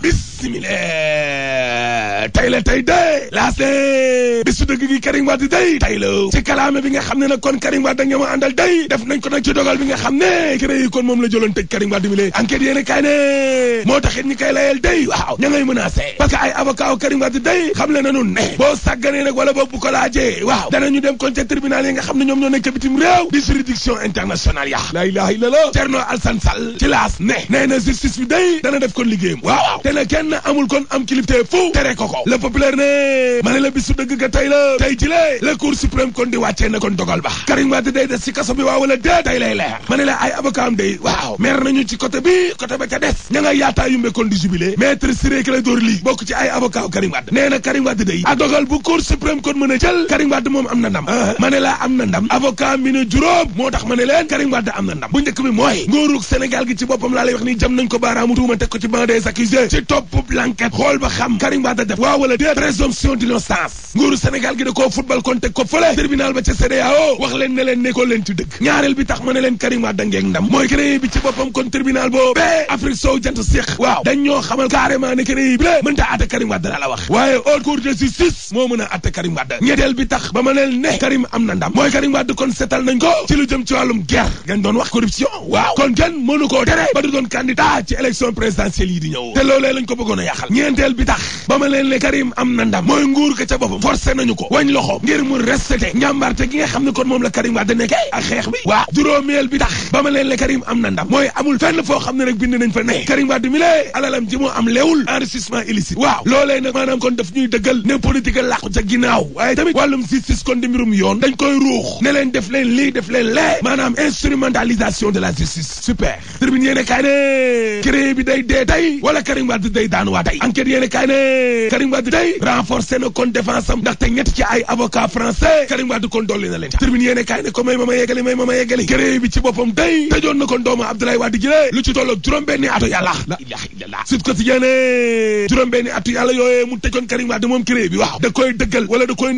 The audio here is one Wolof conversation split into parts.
bismillah tey la tey de laas dëgg gi Karim Wade day tay ci kalaame bi nga xam ne nag kon Karim Wade da nga ma def nañ ko nag dogal bi nga xam ne CREI kon moom la jëloon tëj Karim Wade bi lée enquête yéen kaay ne moo taxit ñi koy layel day waaw ña ngay menacé parce que ay avocat Karim Wade day xam le nanu ne boo sàgganee nag wala boobu bu ko laajee waaw dem kon ca tribunal yi nga xam ne ñoom ñoo nekk bitim réew di juridiction internationale ya la tey jilee la cour suprême kon di wàccee na kon dogal ba Karim Wade day des ci kaso bi waaw wala dee tey lay leer ma ay avocat day waaw mer nañu ci côté bi côté ba ca des ña nga yumbe kon di jubilé maître Ciré Clédor Ly bokk ci ay avocat Karim Wade nee na Karim Wade day ak dogal bu cour suprême kon mën a jël Karim Wade moom am na ndam ah, ma am na ndam avocat mi ne juróom moo tax ma ne leen Karim Wade am na ndam bu njëkk Sénégal gi da koo football kon teg ko fële tribunal ba ca CEDEAO wax leen ne leen nekkoo leen ci dëgg ñaareel bi tax ma ne leen Karim Wade ngeeg ndam mooy CREI bi la la wax waaye haute cour de justice moo mën a atte Karim Wade ñetteel bi tax ba ma leen ne Karim am na ndam mooy Karim Wade kon setal nañ ko ci lu jëm ci wàllum guerre ngeen doon wax corruption waaw kon kenn mënu koo tere ba du doon candidat ci élection présidentielle yi di ñëw te loolee lañ ko bëggoon a nañu ko wañ loxo ngir mu respecté njàmbaarte gi nga xam ne kon moom la Karim Wade nekke ak xeex bi waaw juróomeel bi tax ba ma leen le Karim am maanaam kon daf ñuy dëggal ne politique a làqu ca tamit wàllum justice kon di yoon dañ koy ruux ne leen def leen lii maanaam instrumentalisation de la justice super tribune yéene kaay ne CREI bi day dee tey wala Karim Wade day daan waa tey enquête yéene kaay ne Karim Wade day renforcé na kon défense am ndaxte ñett ci ay avocat français Karim Wade kon dolli na leen ca termine yéene ko may ma ma may ma ma yeggali gré bi ci boppam day tëjoon la ilaha illallah Sud Quotidien juróom-benni atu yàlla yooyee mu tëjoon Karim Wade koy dëggal wala da koy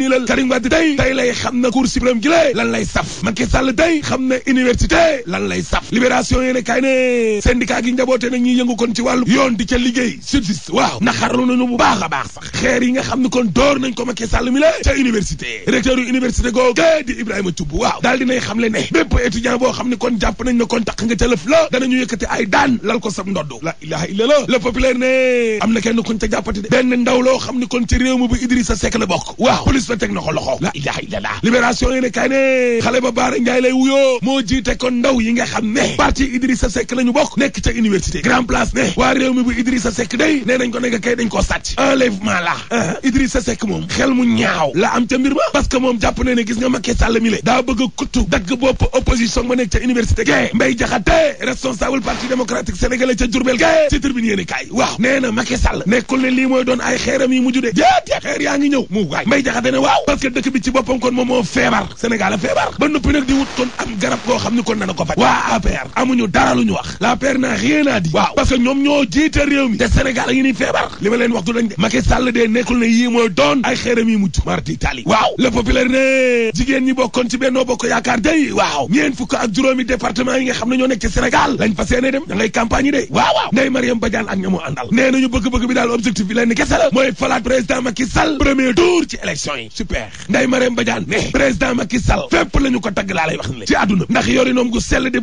day tey xam na Cour suprême gi lan lay saf Macky Sall day xam na université lan lay saf libération yéene kaay ne syndicat gi njaboote na ñuy kon ci wàllu yoon di ca liggéey subsiste waaw naxarlu nañu bu baax a baax sax xeer yi nga xam ne kon door nañ ko Macky Sall mi ca université recteur yu université googa di Ibrahima Thioub waaw daal dinay xam le ne bépp étudiant boo xam ne kon jàpp nañ ne kon taq nga ca lëf la danañu yëkkati ay daan lal ko sab ndodd la ilaha illa la le ne am na kenn kon ca jàppati de benn ndaw loo xam ne kon ci réew mi bu Idrissa Seck la bokk waaw police la teg na ko loxo la ilaha illa la libération yi ne kay ne xale ba Baara Ndiaye lay wuyoo moo jiite kon ndaw yi nga xam ne parti Idrissa Seck la ñu bokk nekk ca nee nañ ko nekk dañ koo sàcc enlèvement la moom xel mu ñaaw taxaw la am ca mbir ma parce que moom jàpp na ne gis nga Macky Sall mi le daa bëgg a kuttu bopp opposition ma nekk ca université ga Mbaye Diakhaté responsable parti démocratique sénégalais ca Diourbel ga ci tribune yéene kaay waaw nee na Macky Sall nekkul ne lii mooy doon ay xeeram yi mujj de déedéet yaa ngi ñëw mu waay Mbaye Diakhaté ne waaw parce que dëkk bi ci boppam kon moom moo feebar Sénégal a feebar ba noppi nag di wut kon am garab koo xam ni kon dana ko faj waa a ngi mardi tali waaw le populaire jigéen ñi bokkoon ci Benno Bokk Yaakaar day waaw ñeen fukk ak juróomi département yi nga xam ne nekk ci Sénégal lañ fa seene dem da ngay yi de waaw waaw Ndeye Mariam Badiane ak ñamu àndal nee nañu bëgg-bëgg bi daal objectif bi leen kese la mooy falaat président Macky premier tour ci élection yi super Ndeye Mariam Badiane ne président Macky Sall fépp ko tagg laa lay wax ne ci àdduna ndax yorinoom gu sell di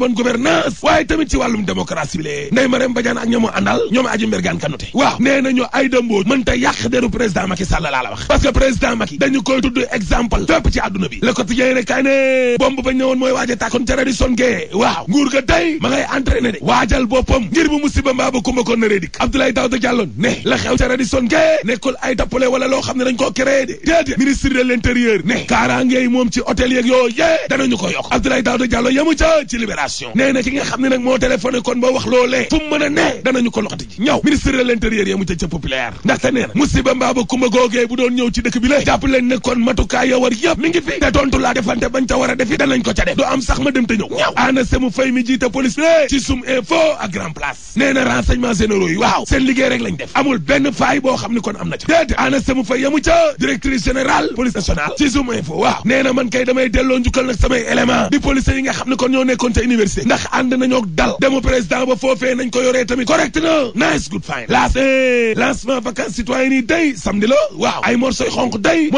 dañu koy tudd exemple fépp ci àdduna bi le quotidien rek kay ne bomb ba ñëwoon mooy waaja tàkkoon ca Radisson Gay waaw nguur ga tey ma ngay entraîné de waajal boppam ngir bu musiba mbaa ba kumba ko naree dikk Abdoulaye ne la xew ca Radisson Gay nekkul ay tappale wala loo xam ne dañ koo créé de déedéet ministre de l'intérieur ne kaaraange yi moom ci hôtel yeeg yoo yee danañu ko yokk Abdoulaye Daouda Diallo yamu ca ci libération nee na nga xam ne nag moo téléphoné kon ba wax loolee fu mu mën a ne danañu ko loxati ji ñëw ministre de dëkk bi la leen ne matukaay yo war mi ngi fi te tontu laa defante bañ ca war a defi danañ ko ca def du am sax ma dem te ana semu fay mi jiite police lé ci sum info ak grand place nee na renseignement yi waaw seen liggéey rek lañ def amul benn faay boo xam ni kon am na ca déet ana semu fay yamu ca directrice générale police nationale ci sum info waaw nee man kay damay delloo njukkal nag samay élément di police yi ko yoree tamit correct na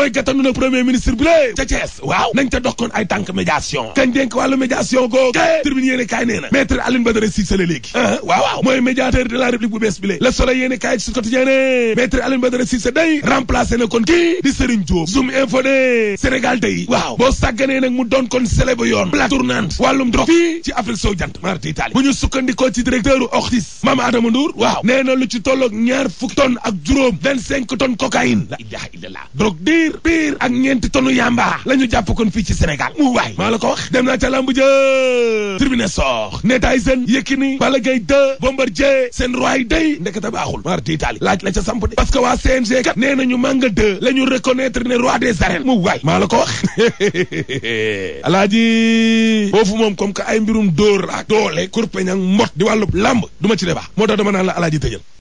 mooy gatanu na premier ministre bi lée ca Thiès waaw nañ ca dox koon ay tànk médiation kañ dénk wàllu médiation googu tribune yéene kaay nee na maître Alioune Badara Cissé la léegi ah, mooy médiateur de la république bu bees bi lée Le Soleil yéene kaay ci quotidien ne maître Alioune Badara Cissé day remplacé na kon kii di Serigne Diop Zoom info ne Sénégal day waaw boo sàgganee nag mu doon kon célèbre yoon plaque wàllum drogue fii ci Afrique soo jant marti Italie bu ñu pire pire ak ñent tonu yamba lañu japp kon fi ci Sénégal mu way maa la ko wax dem na ca lamb je tribune soox ne Tyson Yékini Balla Gaye 2 Bombardier seen roy day ndekete baaxul maar tiitaali laaj la ca samp de parce que wa CNG kat nee Manga de lañu reconnaître ne roi des arènes mu way maa la ko wax alaaji fofu mom comme que ay mbirum dor ak dole kurpeñ ak mot di walu lamb duma ci débat mo do dama naan la alaaji tëjal